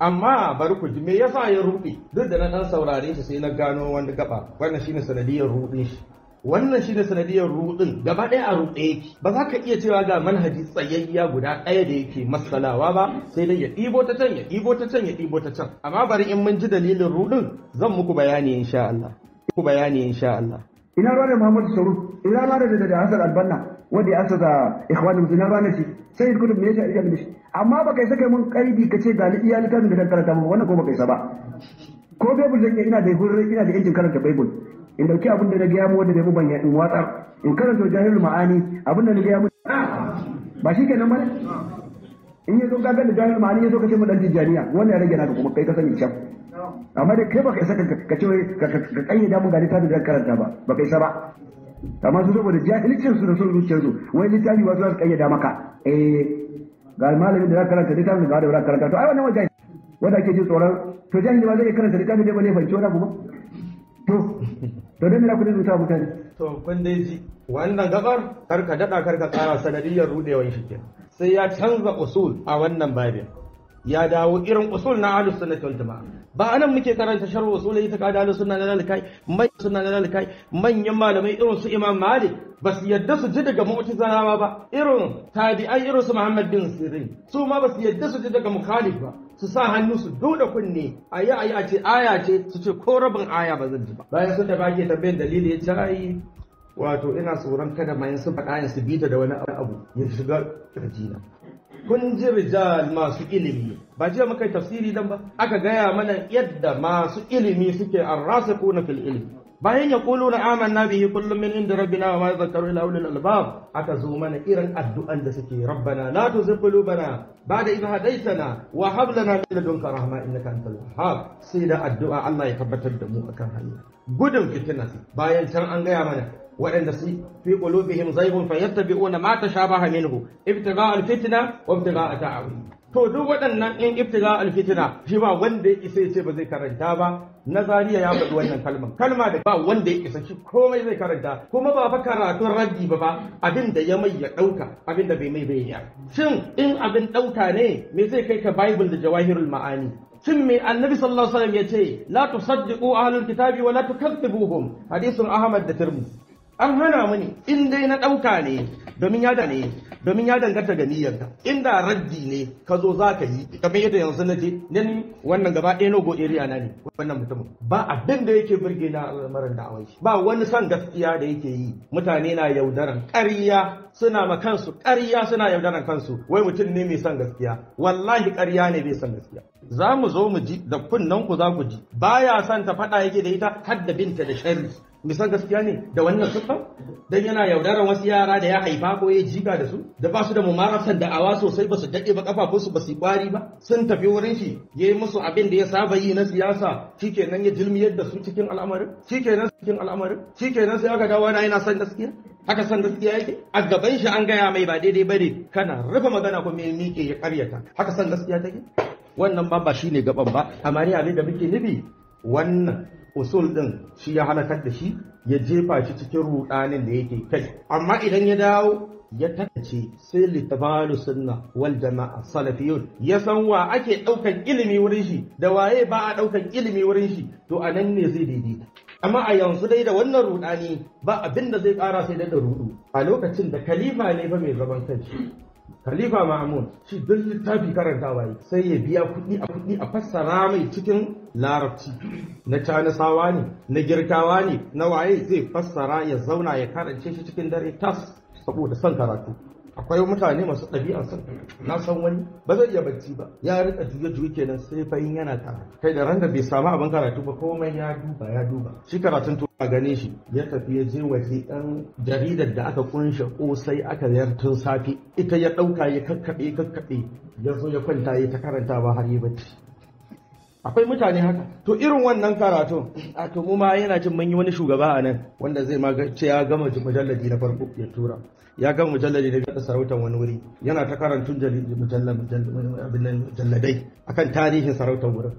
amma bari ku ji me yasa ya ruɗe duk da na ɗan saurare shi sai na gano wani gaba wannan shine sanadiyar ruɗin shi wannan shine sanadiyar ruɗin gaba ɗaya a ruɗe yake ba za ka iya cewa ga manhaji tsayayya guda ɗaya da yake masalawa ba sai dai ya ɗibo ta can ya ɗibo ta can ya ɗibo ta can amma bari in mun ji dalilin ruɗin zan muku bayani insha Allah ku bayani insha Allah ina ruwa da Muhammadu Sarut ina ruwa da da Hassan Albanna wanda ya asasa ikhwani musulmi na ranar shi sai ya kudu me yasa ya da shi amma ba kai saka mun kaidi ka ce ga ni iya littafin da karanta ba wannan ko baka isa ba ko bible zan ina da hurri ina da yancin karanta bible in dauki abin da na ga mu wanda bai mu ban ya in watsar in karanta jahilul ma'ani abin da na ga mu ah! ba shi kenan ba ne in ya zo ka gani jami'in ma'ani ya zo ka ce mu dan tijjaniya wannan ya rage na ga kuma kai ka sani can amma da kai ba kai saka ka ce ka kayyada mun ga littafin da karanta ba baka isa ba amma su saboda jahilcin su da son zuciyar su wai littafi ba za su kayyada maka eh ga malamin da za karanta littafin ga wanda da za karanta to ai wannan wajen wanda ake jin tsoron to jahili ba zai karanta littafin da ba ne fanci wani abu ba to to dan na kudin zuwa mutane to kun dai ji wannan gabar karka dada karka kara sanadiyar rudewan shi sai ya canza usul a wannan babin ya dawo irin usul na ahlus sunnah wal jamaa ba anan muke karanta sharh usul itiqad suna sunnah na lalikai mai sunna na lalikai manyan malamai irin su imam malik ba su yadda su ji daga mu'tazilawa ba irin tabi'ai irin su muhammad bin sirin su ma ba su yadda su ji daga mukhalif ba su sa hannu su duda kunne a yi a ce aya ce su ce ko rabin aya ba zan ji ba bayan sun da bage tambayin dalili ya ce ai wato ina tsoron kada mayan su faɗa su bita da wani abu ya shiga kirjina kun ji rijal masu ilimi ba jiya muka yi tafsiri dan ba aka gaya mana yadda masu ilimi suke arrasikuna fil ilimi. bayan ya kulu na amanna bihi kullum min inda rabbina wa ma yadhakkaru illa ulul albab aka zo mana irin addu'an da suke rabbana la tuzigh qulubana ba'da idh hadaytana wa hab lana min ladunka rahma innaka antal wahhab sai da addu'a Allah ya tabbatar da mu akan hanya gudun fitina bayan can an gaya mana waɗanda su fi qulubihim zaybun fayattabi'una ma tashabaha minhu ibtigha al-fitna wa ibtigha ta'awil to duk waɗannan in ibtigha al shi ba wanda ya isa ce ba zai karanta ba nazariya ya faɗi wannan kalmar kalma da ba wanda ya isa shi komai zai karanta kuma ba fa karatun raddi ba ba abin da ya mai ya ɗauka abin da bai mai bai ya shin in abin ɗauka ne me zai kai ka bible da jawahirul ma'ani shin me annabi sallallahu alaihi wasallam yace la tusaddiqu ahlul kitabi wa la tukaththibuhum hadithun ahmad da tirmidhi an hana mini in dai na ɗauka ne domin ya da ne domin ya danganta da niyyarka inda raddi ne ka zo za ka yi kamar yadda yanzu na je nan wannan gaba ɗaya logo area na ne wannan mutumin ba abin da yake birge na al'amarin da awai ba wani son gaskiya da yake yi mutane na yaudaran ƙarya suna ma kansu ƙarya suna yaudaran kansu wai mutum ne mai son gaskiya wallahi ƙarya ne bai son gaskiya za mu zo mu ji da kunnen ku za ku ji baya son ta faɗa yake da ita har da binta da sharri nisan gaskiya ne da wannan siffan dan yana yaudarar wasu yara da ya haifa ko ya jiga da su da ba su da mumaratan da'awa sosai ba su daɗe ba su ba su kwari ba sun tafi wurin shi ya yi musu abin da ya saba yi na siyasa shikenan ya dilmiyar da su cikin al'amarin shikenan cikin al'amarin shikenan sai aka dawo na yana son gaskiya haka san gaskiya yake a gaban shi an gaya mai ba daidai bane kana rufe magana kuma ya miƙe ya karyata haka san gaskiya take wannan ba ba shine gaban ba amma abin da muke nufi wannan usul ɗin shi ya halakar da shi ya jefa shi cikin rudanin da yake kai amma idan ya dawo ya tattace sai littafalu sunna wal jama'a salafiyun ya san wa ake ɗaukan ilimi wurin shi da waye ba a ɗaukan ilimi wurin shi to a nan ne zai daidaita amma a yanzu dai da wannan rudani ba abin da zai kara sai da rudu a lokacin da khalifa ne ba mai zaman kanshi Khalifa Mahmud shi duk littafi karantawa yi sai ya biya kuɗi a kuɗi a fassara mai cikin larabci na canisawa ne na girkawa ne na waye zai fassara ya zauna ya karance shi cikin dare tas saboda son karatu akwai mutane masu ɗabi'a, san na san wani ba zai iya bacci ba ya rika juye juye kenan sai fahim yana tara kai da ran bai samu abin karatu ba komai ya duba ya duba shi karatun to a gane shi ya tafi ya je waje ɗan jaridar da aka kunshe kosai aka yar tun safe ita ya ɗauka ya kakkaɓe kakkaɓe ya zo ya kwanta ya ta karanta ba har yi bacci akwai mutane haka to irin wannan karatu a to mu ma yana jin mun yi wani shugaba a nan wanda zai ma ce ya gama mujalladi na farko ya tura ya gama mujalladi na biyu sarautar wani wuri yana ta karantun mujalladai akan tarihin sarautar wurin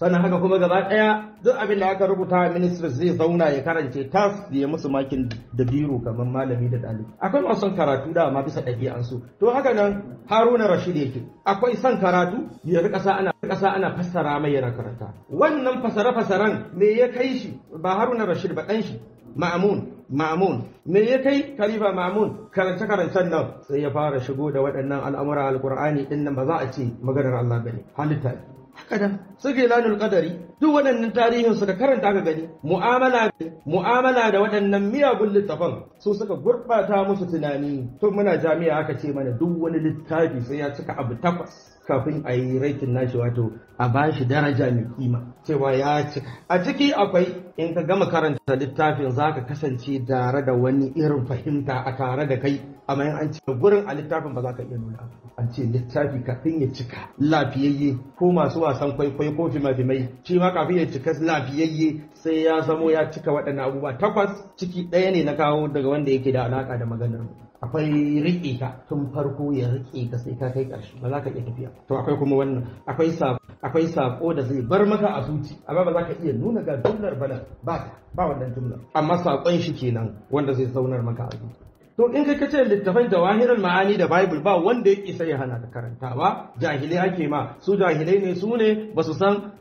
sannan haka kuma gaba ɗaya duk abin da aka rubuta ministry zai zauna ya karance tas ya musu makin da biro kamar malami da ɗalibi akwai masu son karatu da ma bisa ɗabi'ansu. su to haka nan haruna rashid yake akwai son karatu ya rika sa ana ƙasa ana fassara mai yana karanta wannan fasare-fasaren me ya kai shi ba haruna rashid ba ɗan shi ma'amun Ma'amun me ya kai kalifa Ma'amun karance karancen nan sai ya fara shigo da waɗannan al'amura Alƙur'ani, din nan ba za a ce maganar Allah bane halitta haka da, su gilanul kadari duk waɗannan tarihin suka karanta aka gani mu'amala mu'amala da waɗannan miyagun littafan su suka gurɓata musu tunani to muna jami'a aka ce mana duk wani littafi sai ya cika abu takwas kafin a yi raitin nashi wato a ba shi daraja mai kima cewa ya ci a ciki akwai in ka gama karanta littafin za ka kasance tare da wani irin fahimta a tare da kai amma an ce gurin a littafin ba za ka iya nuna an ce littafi kafin ya cika lafiyayye ko masu wasan kwaikwai ko fimafimai shi ma kafin ya cika lafiyayye sai ya zamo ya cika waɗannan abubuwa takwas ciki ɗaya ne na kawo daga wanda yake da alaƙa da maganar mu akwai riƙe ka tun farko ya riƙe ka sai ka kai ƙarshe ba za ka iya tafiya to akwai kuma wannan akwai sako akwai sako da zai bar maka a zuci amma ba za ka iya nuna ga jumlar bana ba ta ba wannan jumlar amma sakon shi kenan wanda zai zaunar maka a zuci to in ka kace littafin da ma'ani da bible ba wanda ya sai ya hana ka karantawa jahilai ake ma su jahilai ne su ne ba su san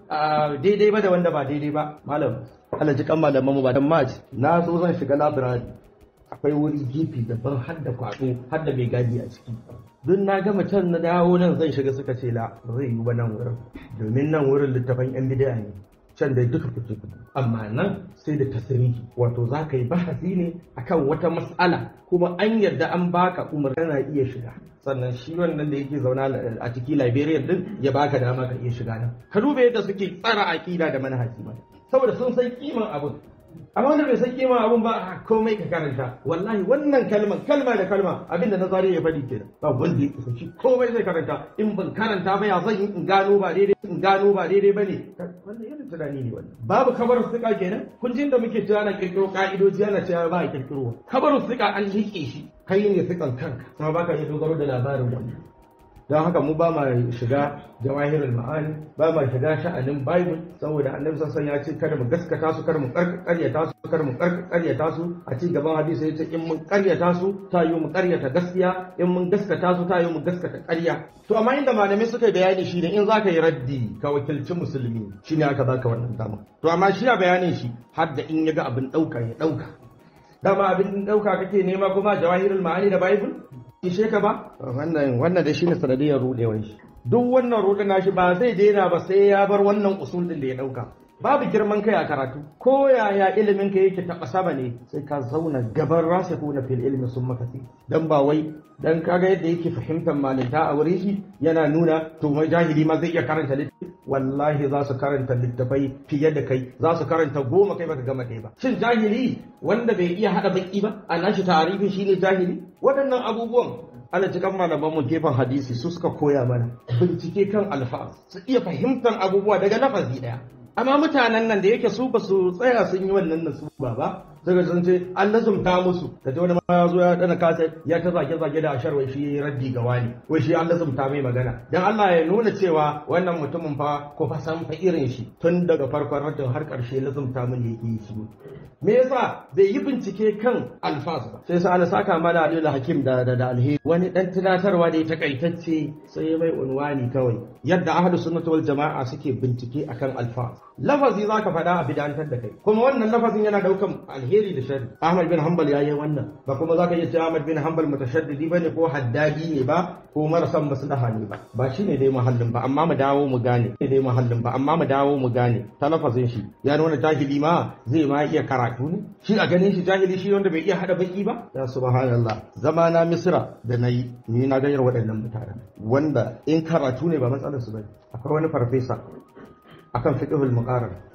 daidai ba da wanda ba daidai ba malam Allah ji kan malaman mu ba dan maji na zo zan shiga labirari akwai wuri gefe daban har da kwato har da mai gadi a ciki Don na gama can na dawo nan zan shiga suka ce la ba zai yi ba nan wurin domin nan wurin littafan yan bid'a ne can da duka fito amma nan sai da tasiri. wato za ka yi bahasi ne akan wata matsala? kuma an yarda an baka umar kana iya shiga sannan shi wannan da yake zauna a ciki liberia din ya baka dama ka iya shiga nan ka duba yadda suke tsara aƙida da manhaji ba saboda sun san kiman abun amma wanda bai san kima abun ba komai ka karanta wallahi wannan kalman kalma da kalma abinda na zari ya faɗi kenan ba wanda ya kusanci komai zai karanta in ban karanta ba ya zan yi in gano ba daidai in gano ba daidai ne wannan yana tunani ne wannan babu kabar suka kenan kun jin da muke tunanin kirkiro ka'idoji ana cewa ba a kirkiro kabar suka an liƙe shi kai ne sukan kanka kuma ba ka yi dogaro da labarin wannan don haka mu ba ma shiga jawahirin ma'ani ba ma shiga sha'anin bible saboda annabi sassan ya ce kada mu gaskata su kada mu karyata su kada mu karyata su a ci gaban hadisi ya ce in mun karyata su ta yi mu karyata gaskiya in mun gaskata su ta yi mu gaskata karya to amma inda malamai suka yi bayani shi ne in za ka yi raddi ka wakilci musulmi shine aka ka wannan dama to amma shi ya bayanin shi har da in ya ga abin ɗauka ya ɗauka dama abin ɗauka kake nema kuma jawahirul ma'ani da bible ishe ka ba wannan wannan da shine sanadiyar rudewar shi duk wannan na nashi ba zai daina ba sai ya bar wannan usul din da ya dauka babu girman kai a karatu ko yaya ilimin ka yake taɓa sama ne sai ka zauna gaban rasa kuna fil ilmi sun makasi dan ba wai dan kaga yadda yake fahimtar malinta a wurin shi yana nuna to mai jahili ma zai iya karanta littafi wallahi za su karanta littafai fiye da kai za su karanta goma kai baka gama ɗaya ba shin jahili wanda bai iya haɗa baki ba a nashi tarihi shine jahili waɗannan abubuwan ana cikin malaman mu gefen hadisi su suka koya mana bincike kan alfahar su iya fahimtar abubuwa daga lafazi ɗaya. amma mutanen nan da yake su ba su tsaya sun yi wannan nasu ba ba suka sun ce an lazumta musu da wani ma ya zo ya dana kasa ya ta zage zage da ashar wai shi raddi ga wani wai shi an lazumta mai magana dan Allah ya nuna cewa wannan mutumin fa ko fa san fa irin shi tun daga farkon raddin har karshe lazumta mun yake shi me yasa bai yi bincike kan alfaz ba sai sa saka mana da hakim da da alheri wani dan tunatarwa ne takaitacce sai mai unwani kawai yadda ahlus sunnah wal jama'a suke bincike akan alfaz lafazi zaka faɗa a bidantar da kai kuma wannan lafazin yana daukan alheri alheri da sharri Ahmad bin Hanbal ya yi wannan ba kuma zaka iya cewa Ahmad bin Hanbal mutashaddidi ne ko haddadi ne ba ko marasan maslaha ne ba ba ne dai muhallin ba amma mu dawo mu gane ne dai muhallin ba amma mu dawo mu gane talafazin shi ya nuna jahili ma zai ma iya karatu ne shi a ganin shi jahili shi wanda bai iya hada baki ba ya subhanallah zama na Misra da nayi ni na gayar waɗannan mutanen wanda in karatu ne ba matsalar su bane akwai wani farfesa akan fiqhul muqarrar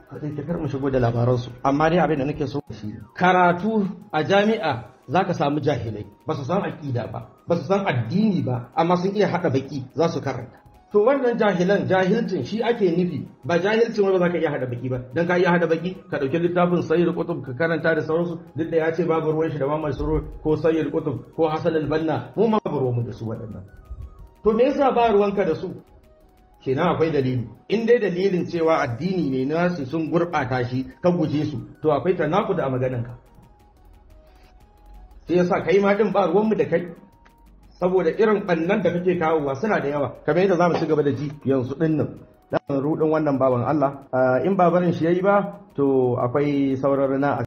kar mu shigo da labaransu amma dai abin da nake so shi karatu a jami'a zaka samu jahilai ba su san aƙida ba ba su san addini ba amma sun iya haɗa baki za su karanta to wannan jahilan jahilcin shi ake nufi ba jahilcin wanda zaka iya hada baki ba dan ka iya hada baki ka ɗauki littafin sayyid kutub ka karanta da sauransu duk da ya ce babu ruwan shi da mamman suru ko sayyid kutub ko hasan al-banna mu ma babu ruwan da su waɗannan to me yasa ba ruwanka da su kenan akwai dalili in dai dalilin cewa addini ne nasu sun gurɓata shi ka guje su to akwai ta tanakuda a maganinka. sai yasa kai ma din ba ruwanmu da kai saboda irin ɓannan da kake kawowa suna da yawa kamar yadda zamu mu da ji yanzu din nan rudin wannan baban Allah ah, in ba shi yayi ba to akwai sauraron na